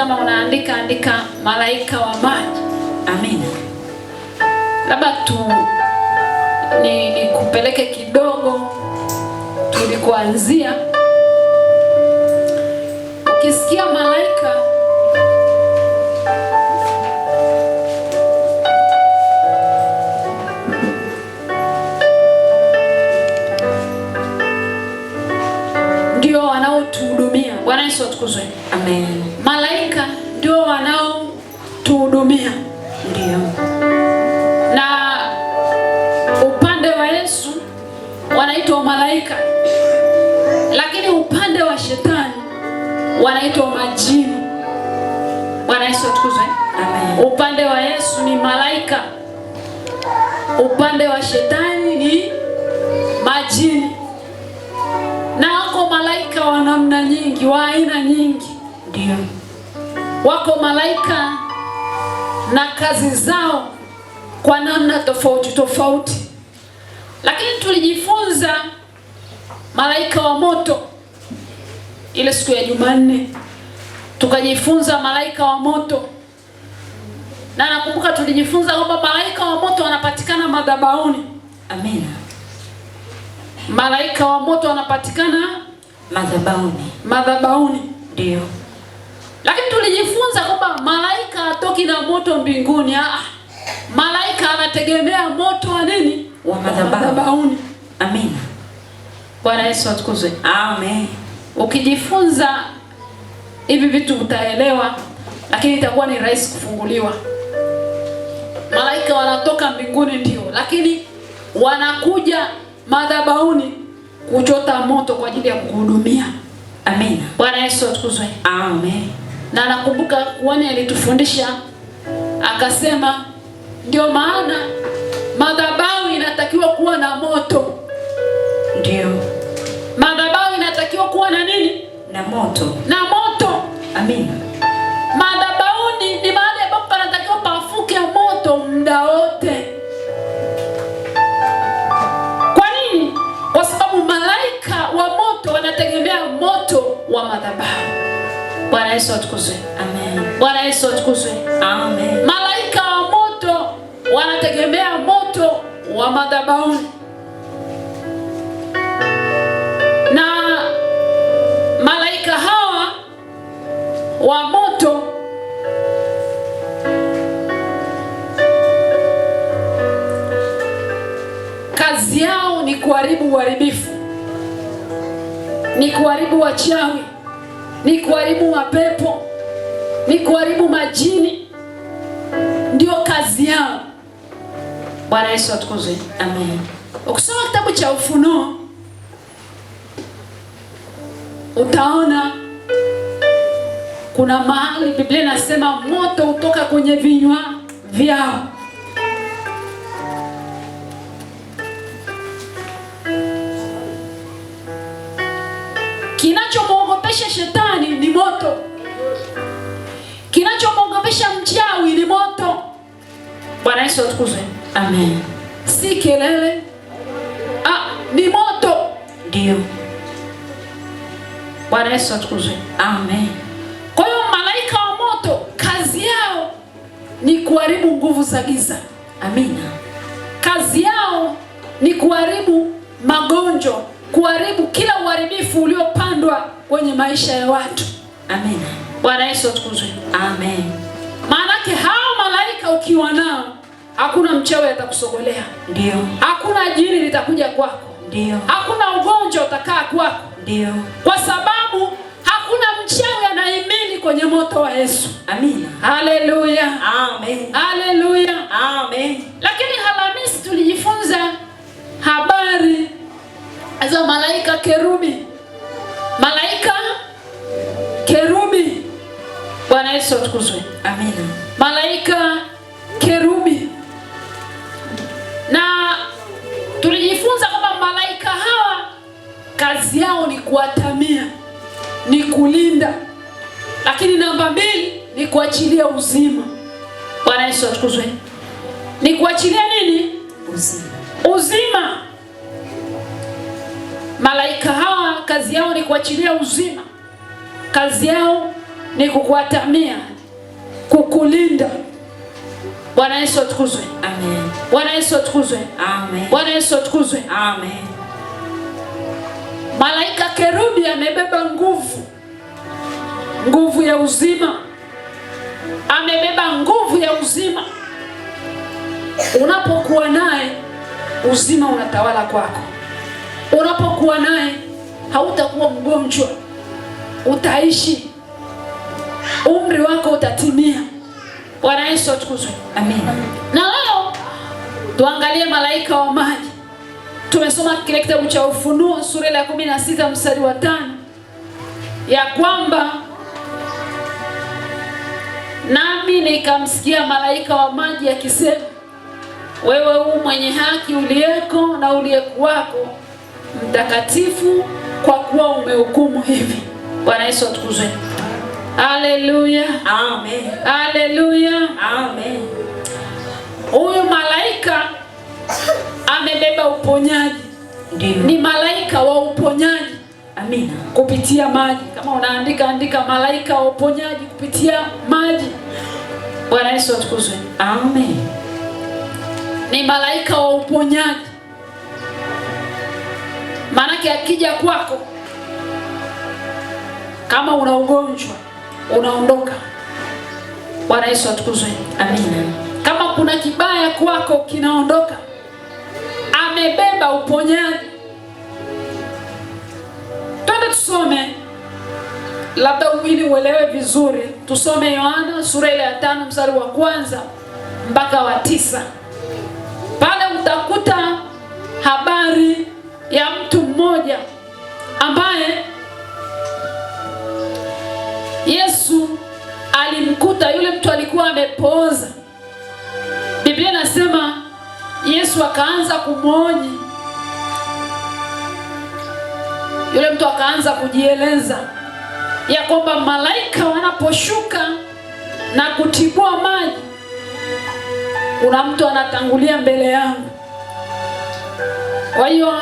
Kama unaandika andika malaika wa maji. Amina. Labda tu ni kupeleke kidogo tulikuanzia. Ukisikia malaika ndio wanaotuhudumia. Bwana Yesu atukuzwe. Amen wanaotuhudumia. Ndio. Na upande wa Yesu wanaitwa malaika, lakini upande wa shetani wanaitwa majini. Bwana Yesu atukuzwe. Amen. Upande wa Yesu ni malaika, upande wa shetani ni majini, na wako malaika wa namna nyingi, wa aina nyingi. Ndio. Wako malaika na kazi zao kwa namna tofauti tofauti, lakini tulijifunza malaika wa moto ile siku ya Jumanne, tukajifunza malaika wa moto, na nakumbuka tulijifunza kwamba malaika wa moto wanapatikana madhabahuni. Amina. Malaika wa moto wanapatikana madhabahuni, madhabahuni ndio, lakini tulijifunza tumejifunza kwamba malaika hatoki na moto mbinguni. Ah, ah. malaika anategemea moto wa nini? Wa madhabahuni. Amen. Bwana Yesu atukuzwe. Amen. Ukijifunza hivi vitu utaelewa, lakini itakuwa ni rahisi kufunguliwa. Malaika wanatoka mbinguni ndio, lakini wanakuja madhabahuni kuchota moto kwa ajili ya kuhudumia. Amina. Bwana Yesu atukuzwe. Amen na nakumbuka kuani alitufundisha akasema, ndio maana madhabahu inatakiwa kuwa na moto. Ndio madhabahu inatakiwa kuwa na nini? Na moto, na moto. Amina. Madhabahuni ni mahali ambapo panatakiwa pafuke moto muda wote. Kwa nini? Kwa sababu malaika wa moto wanategemea moto wa madhabahu. Bwana Yesu atukuzwe. Amen. Bwana Yesu atukuzwe. Amen. Malaika wa moto wanategemea moto wa madhabahuni. Na malaika hawa wa moto kazi yao ni kuharibu uharibifu, ni kuharibu wachawi ni kuharibu mapepo, ni kuharibu majini, ndio kazi yao. Bwana Yesu atukuzwe, amen. Ukisoma kitabu cha Ufunuo utaona kuna mahali Biblia inasema moto utoka kwenye vinywa vyao. Bwana Yesu atukuzwe. Amen. Si kelele. Ah, ni moto. Ndio. Bwana Yesu atukuzwe. Amen. Kwa hiyo malaika wa moto kazi yao ni kuharibu nguvu za giza. Amina. Kazi yao ni kuharibu magonjwa, kuharibu kila uharibifu uliopandwa kwenye maisha ya watu. Amen. Bwana Yesu atukuzwe. Amen. Maanake hao malaika ukiwa nao Hakuna mchawi atakusogolea. Ndio. Hakuna jini litakuja kwako. Ndio. Hakuna ugonjwa utakaa kwako. Ndio. Kwa sababu hakuna mchawi anaimini kwenye moto wa Yesu. Amina. Haleluya. Amen. Haleluya. Amen. Lakini halamisi tulijifunza habari za malaika kerubi. Malaika kerubi. Bwana Yesu atukuzwe. Amina. Malaika kazi yao ni kuwatamia, ni kulinda, lakini namba mbili ni kuachilia uzima. Bwana Yesu atukuzwe. Ni kuachilia nini? Uzima, uzima. Malaika hawa kazi yao ni kuachilia uzima, kazi yao ni kukuatamia, kukulinda. Bwana Yesu atukuzwe. Amen. Bwana Yesu atukuzwe. Amen. Bwana Yesu atukuzwe. Amen. Malaika kerubi amebeba nguvu, nguvu ya uzima, amebeba nguvu ya uzima. Unapokuwa naye uzima unatawala kwako, unapokuwa naye hautakuwa mgonjwa, utaishi, umri wako utatimia. Bwana Yesu atukuzwe, amina. Na leo tuangalie malaika wa maji Tumesoma kile kitabu cha Ufunuo sura ya 16 mstari wa tano ya kwamba nami nikamsikia malaika wa maji akisema, wewe u mwenye haki uliyeko na uliyekuwako mtakatifu, kwa kuwa umehukumu hivi. Bwana Yesu atukuzwe. Haleluya, amen. Haleluya, amen. Huyu malaika amebeba uponyaji, ndiyo, ni malaika wa uponyaji. Amina. Kupitia maji, kama unaandika andika, malaika wa uponyaji kupitia maji. Bwana Yesu atukuzwe, amen. Ni malaika wa uponyaji, maanake akija kwako kama una ugonjwa unaondoka. Bwana Yesu atukuzwe, amina. Kama kuna kibaya kwako kinaondoka amebeba uponyaji. Twende tusome, labda ili uelewe vizuri, tusome Yohana sura ile ya tano mstari wa kwanza mpaka wa tisa. Pale utakuta habari ya mtu mmoja ambaye Yesu alimkuta. Yule mtu alikuwa amepooza. Biblia inasema Yesu akaanza kumwonyi yule mtu, akaanza kujieleza ya kwamba malaika wanaposhuka na kutibua maji, kuna mtu anatangulia mbele yangu. Kwa hiyo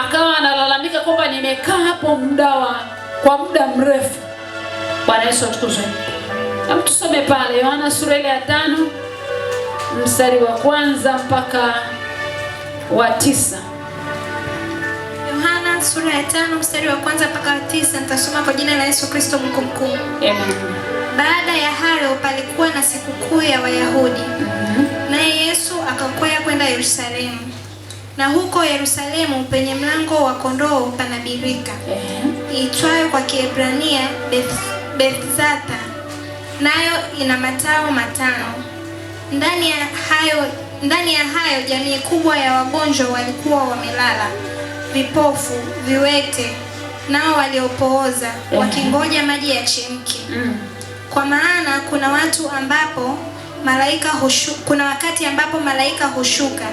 akawa analalamika kwamba nimekaa hapo muda wa kwa muda mrefu. Bwana Yesu atukuzwe. Mtusome pale Yohana sura ile ya tano mstari wa kwanza mpaka wa tisa. Yohana sura ya tano mstari wa kwanza mpaka wa tisa. Nitasoma kwa jina la Yesu Kristo Mungu mkuu. Baada ya hayo palikuwa na sikukuu ya Wayahudi. Mm-hmm. Naye Yesu akakwea kwenda Yerusalemu, na huko Yerusalemu penye mlango wa kondoo pana birika iitwayo kwa Kiebrania Bethzatha, nayo ina matao matano ndani ya hayo, ndani ya hayo jamii kubwa ya wagonjwa walikuwa wamelala, vipofu, viwete, nao waliopooza mm. wakingoja maji ya yachemke. Mm. Kwa maana kuna watu ambapo malaika hushu, kuna wakati ambapo malaika hushuka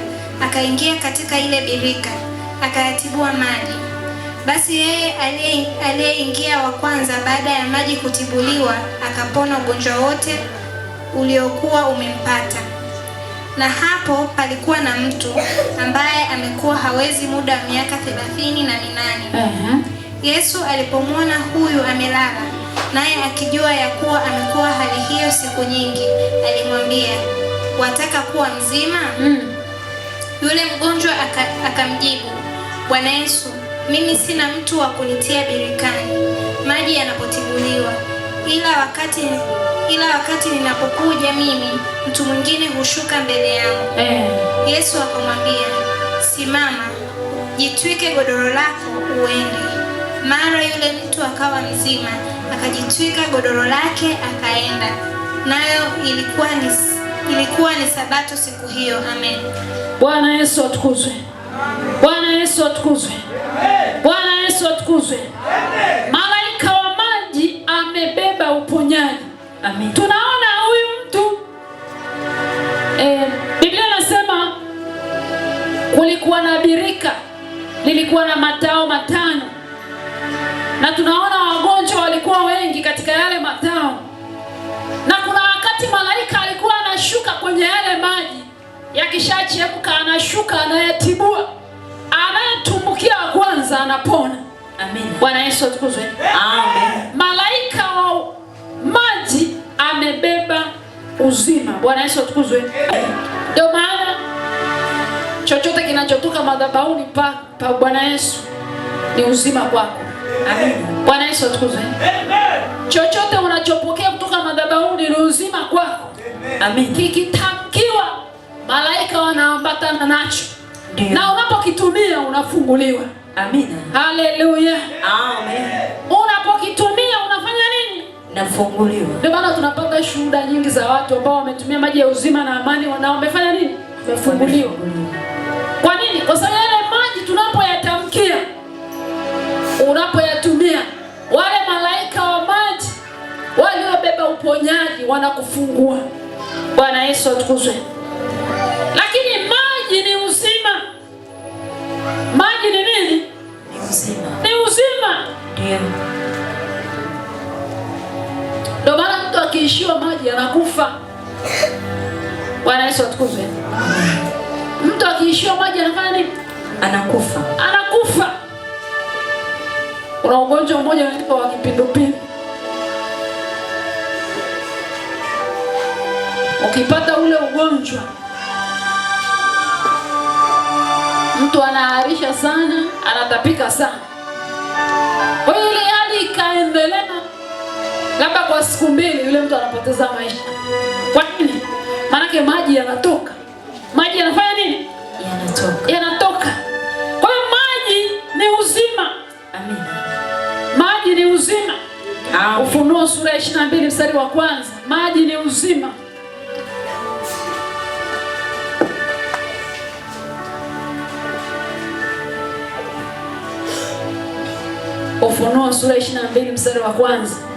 akaingia katika ile birika akayatibua maji. Basi yeye aliyeingia wa kwanza baada ya maji kutibuliwa akapona ugonjwa wote uliokuwa umempata. Na hapo palikuwa na mtu ambaye amekuwa hawezi muda wa miaka thelathini na minane. uh -huh. Yesu alipomwona huyu amelala, naye akijua ya kuwa amekuwa hali hiyo siku nyingi, alimwambia, wataka kuwa mzima? mm. Yule mgonjwa akamjibu, Bwana Yesu, mimi sina mtu wa kunitia birikani maji yanapotibuliwa ila wakati ila wakati ninapokuja mimi mtu mwingine hushuka mbele yangu eh. Yesu akamwambia, simama, jitwike godoro lako uende. Mara yule mtu akawa mzima, akajitwika godoro lake akaenda. Nayo ilikuwa ni, ilikuwa ni Sabato siku hiyo. Amen. Bwana Yesu atukuzwe. Bwana Yesu atukuzwe. Bwana Yesu atukuzwe. Amen. Tunaona huyu mtu e, Biblia nasema kulikuwa na birika lilikuwa na matao matano, na tunaona wagonjwa walikuwa wengi katika yale matao, na kuna wakati malaika alikuwa anashuka kwenye yale maji, yakishachemka anashuka, anayatibua, anayetumbukia wa kwanza anapona. Amen. Bwana Yesu atukuzwe. Amen. Malaika wa amebeba uzima. Bwana Yesu atukuzwe. Ndio maana chochote kinachotoka madhabahuni pa, pa Bwana Yesu ni uzima kwako. Amen. Bwana Yesu atukuzwe. Amen. Chochote unachopokea kutoka madhabahuni ni uzima kwako. Amen. Kikitamkiwa malaika wanaambatana nacho. Amen. Na unapokitumia unafunguliwa. Amen. Haleluya. Amen. Unapokitumia nafunguliwa. Ndio maana tunapata shuhuda nyingi za watu ambao wametumia maji ya uzima na amani na wamefanya nini? Wamefunguliwa. Kwa nini? Kwa sababu yale maji tunapoyatamkia, unapoyatumia, wale malaika wa maji waliobeba uponyaji wanakufungua. Bwana Yesu atukuzwe. Lakini maji ni uzima. Maji ni nini? akiishiwa maji anakufa. Bwana Yesu atukuzwe. Mtu akiishiwa maji anafanya nini? Anakufa, anakufa. Kuna ugonjwa mmoja unaitwa wa kipindupindu. Ukipata ule ugonjwa, mtu anaharisha sana, anatapika sana. Kwa hiyo ile hali ikaendelea labda kwa siku mbili yule mtu anapoteza maisha. Kwa nini? Maanake maji yanatoka, maji yanafanya nini? Yanatoka, yanatoka. Kwa hiyo maji ni uzima. Amina, maji ni uzima. Amen. Ufunuo sura ya 22 mstari wa kwanza, maji ni uzima. Ufunuo sura ya 22 mstari wa kwanza.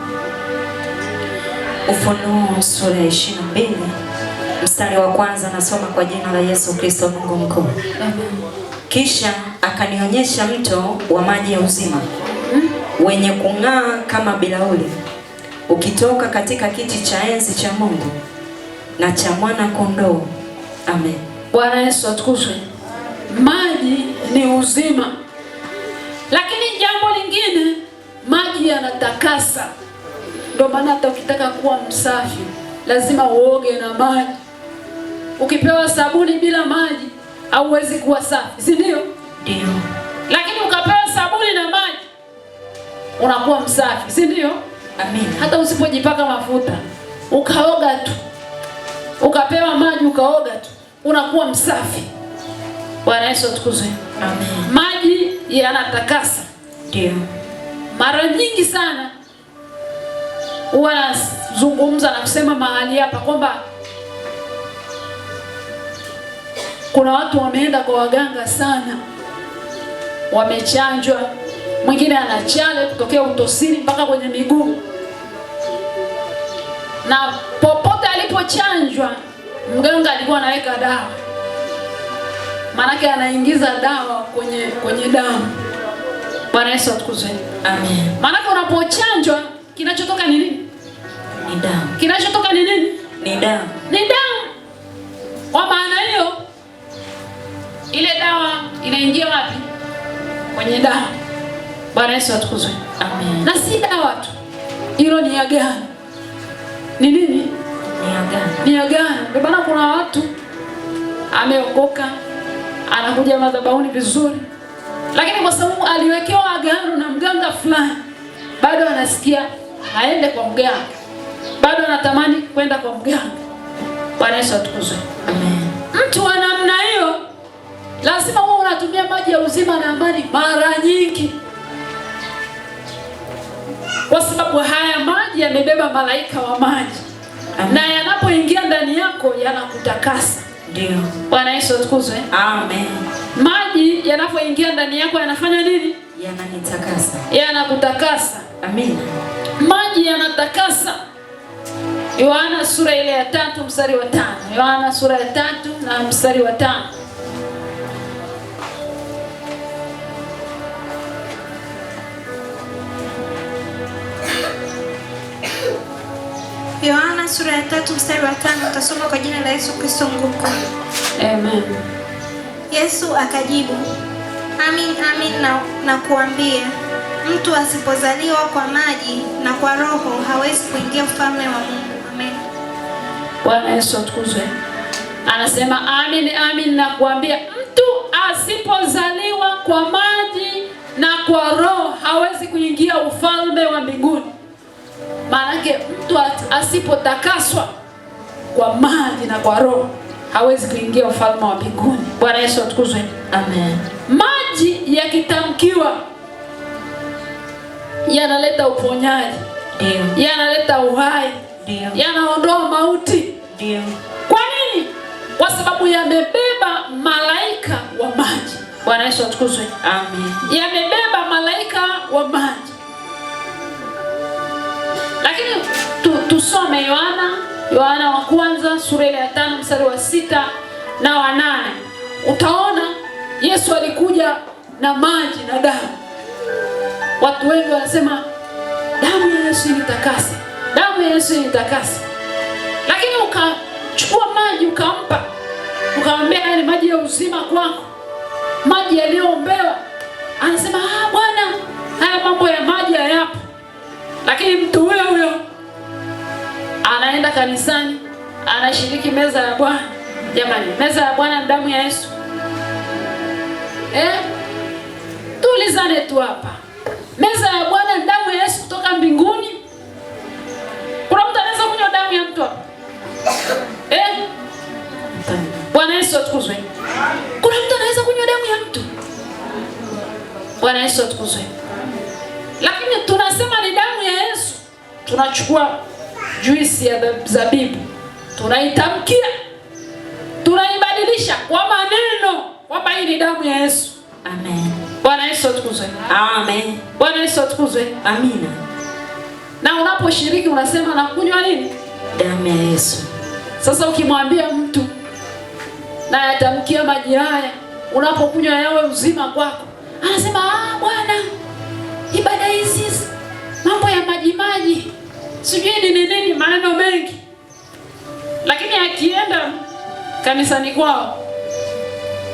Ufunuo sura ya 22 mstari wa kwanza nasoma kwa jina la Yesu Kristo Mungu mkuu. Kisha akanionyesha mto wa maji ya uzima wenye kung'aa kama bilauri ukitoka katika kiti cha enzi cha Mungu na cha mwana kondoo. Amen. Bwana Yesu atukuzwe. Maji ni uzima, lakini jambo lingine, maji yanatakasa ndio maana hata ukitaka kuwa msafi lazima uoge na maji. Ukipewa sabuni bila maji hauwezi kuwa safi, si ndio? Ndio. Lakini ukapewa sabuni na maji unakuwa msafi, si ndio? Amen. Hata usipojipaka mafuta ukaoga tu, ukapewa maji ukaoga tu, unakuwa msafi. Bwana Yesu atukuzwe. Amen. Maji yanatakasa. Ndio. Mara nyingi sana huwa nazungumza na kusema mahali hapa kwamba kuna watu wameenda kwa waganga sana, wamechanjwa, mwingine anachale kutokea utosini mpaka kwenye miguu, na popote alipochanjwa mganga alikuwa anaweka dawa, maanake anaingiza dawa kwenye kwenye damu. Bwana Yesu atukuzwe, amen. Maanake unapochanjwa Kinachotoka ni nini? Ni damu. Kinachotoka ni nini? Ni damu. Ni damu. Kwa maana hiyo ile dawa inaingia wapi? Kwenye damu. Bwana Yesu atukuzwe. Amen. Na si dawa tu. Hilo ni agano. Ni nini? Ni agano. Ni agano. Ndio maana kuna watu ameokoka anakuja madhabahuni vizuri, lakini kwa sababu aliwekewa agano na mganga fulani, bado anasikia aende kwa mganga, bado anatamani kwenda kwa mganga. Bwana Yesu atukuzwe, amen. Mtu wa namna hiyo lazima wewe unatumia maji ya uzima na amani mara nyingi, kwa sababu haya maji yamebeba malaika wa maji, na yanapoingia ndani yako yanakutakasa. Ndio, Bwana Yesu atukuzwe, amen. Maji yanapoingia ndani yako yanafanya nini? Yananitakasa, yanakutakasa. Amina maji yanatakasa. Yohana sura ile ya tatu mstari wa tano. Yohana sura ya tatu na mstari wa tano. Yohana sura ya tatu mstari wa tano utasoma kwa jina la Yesu Kristo nguko. Amen. Yesu akajibu, Amin, amin na, na kuambia Mtu asipozaliwa kwa maji na kwa Roho hawezi kuingia ufalme wa Mungu. Amen. Bwana Yesu atukuzwe. Anasema amini, amini nakuambia, mtu asipozaliwa kwa maji na kwa Roho hawezi kuingia ufalme wa mbinguni. Maanake mtu asipotakaswa kwa maji na kwa Roho hawezi kuingia ufalme wa mbinguni. Bwana Yesu atukuzwe. Amen. Maji yakitamkiwa yanaleta uponyaji, yanaleta uhai, yanaondoa mauti. Ndio. Kwa nini? Kwa sababu yamebeba malaika wa maji. Bwana Yesu atukuzwe. Amen. Yamebeba malaika wa maji, lakini tu, tusome Yohana Yohana wa kwanza sura ya tano mstari wa sita na wa nane. Utaona Yesu alikuja na maji na damu Watu wengi wanasema damu ya Yesu initakase, damu ya Yesu initakase, lakini ukachukua maji ukampa, ukamwambia ni yaani maji ya uzima kwako, maji yaliyoombewa. Anasema ah, Bwana, haya mambo ya maji hayapo. Lakini mtu huyo huyo anaenda kanisani, anashiriki meza ya Bwana. Jamani, meza ya Bwana ni damu ya Yesu eh? tuulizane tu hapa, meza ya Bwana ni damu ya Yesu kutoka mbinguni. Kuna mtu anaweza kunywa damu ya mtu hapa eh? Bwana Yesu atukuzwe. Kuna mtu anaweza kunywa damu ya mtu? Bwana Yesu atukuzwe. Lakini tunasema ni damu ya Yesu, tunachukua juisi ya zabibu tunaitamkia, tunaibadilisha kwa maneno kwamba hii ni damu ya Yesu. Amen. Bwana Yesu atukuzwe. Amen. Bwana Yesu atukuzwe. Amina. Na unaposhiriki unasema nakunywa nini? Damu ya Yesu. Sasa ukimwambia mtu na yatamkia maji haya, unapokunywa yawe uzima kwako, anasema ah, bwana, ibada hizi mambo ya maji maji sijui ni nini, maneno mengi. Lakini akienda kanisani kwao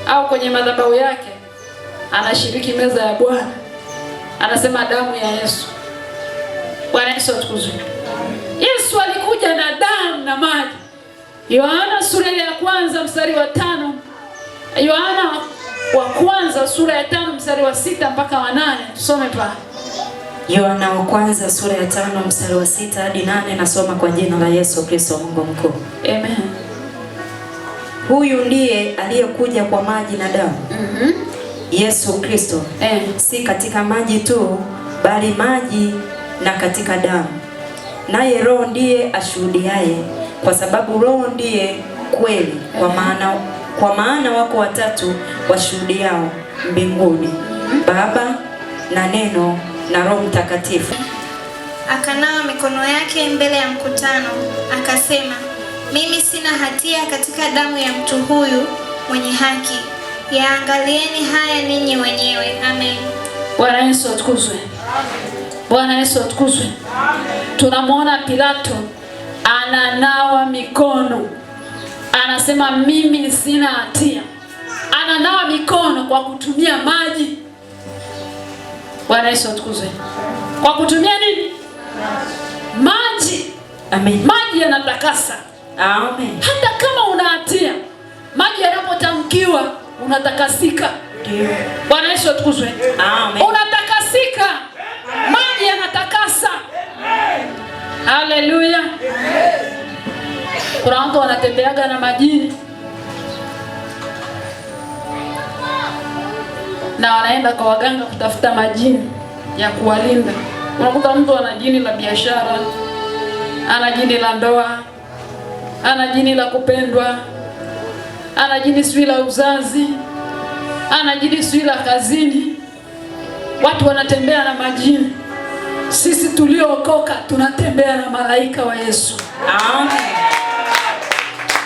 au kwenye madhabahu yake anashiriki meza ya Bwana, anasema damu ya Yesu. Bwana Yesu atukuzwe. Yesu alikuja na damu na maji. Yohana sura ya kwanza mstari wa tano Yohana wa kwanza sura ya tano mstari wa sita mpaka wa nane tusome pale. Yohana wa kwanza sura ya tano mstari wa sita hadi nane nasoma kwa jina la Yesu Kristo Mungu mkuu. Amen. Huyu ndiye aliyekuja kwa maji na damu. Mhm. Mm Yesu Kristo eh, si katika maji tu, bali maji na katika damu, naye Roho ndiye ashuhudiaye, kwa sababu Roho ndiye kweli, kwa maana kwa maana wako watatu washuhudiao mbinguni, Baba na Neno na Roho Mtakatifu. Akanawa mikono yake mbele ya mkutano, akasema, mimi sina hatia katika damu ya mtu huyu mwenye haki yaangalieni haya ninyi wenyewe. Amen. Bwana Yesu atukuzwe. Bwana Yesu atukuzwe. Tunamwona Pilato ananawa mikono, anasema mimi sina hatia. Ananawa mikono kwa kutumia maji. Bwana Yesu atukuzwe. Kwa kutumia nini? Maji. Amen. Maji yanatakasa. Amen. Hata kama una hatia, maji yanapotamkiwa unatakasika. Bwana Yesu atukuzwe. Amen. Unatakasika, maji yanatakasa. Haleluya. Kuna watu wanatembeaga na majini na wanaenda kwa waganga kutafuta majini ya kuwalinda. Unakuta mtu ana jini la biashara, ana jini la ndoa, ana jini la kupendwa anajinisi la uzazi, anajinisi la kazini, watu wanatembea na majini. Sisi tuliookoka tunatembea na malaika wa Yesu. Amen.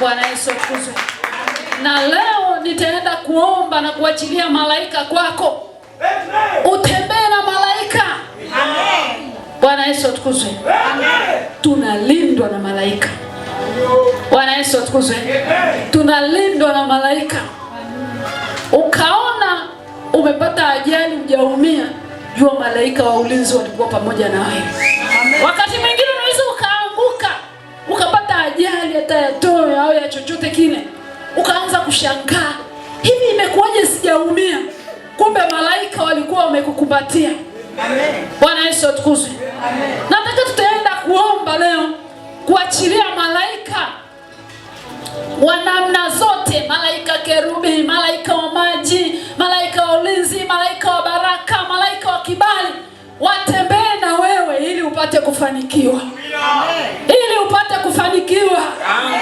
Bwana Yesu akuzwe. Na leo nitaenda kuomba na kuachilia malaika kwako. Utembee na malaika. Amen. Bwana Yesu atukuzwe. Amen. Tunalindwa na malaika. Bwana Yesu atukuzwe. Tunalindwa na malaika. Ukaona umepata ajali ujaumia, jua malaika wa ulinzi walikuwa pamoja na wewe. Wakati mwingine unaweza ukaanguka ukapata ajali hata ya toyo au ya chochote kile, ukaanza kushangaa, hivi imekuwaje sijaumia? Kumbe malaika walikuwa wamekukumbatia. Bwana Yesu atukuzwe. Nataka tutaenda kuomba leo kuachilia malaika wa namna zote, malaika kerubi, malaika wa maji, malaika wa ulinzi, malaika wa baraka, malaika wa kibali, watembee na wewe ili upate kufanikiwa, ili upate kufanikiwa.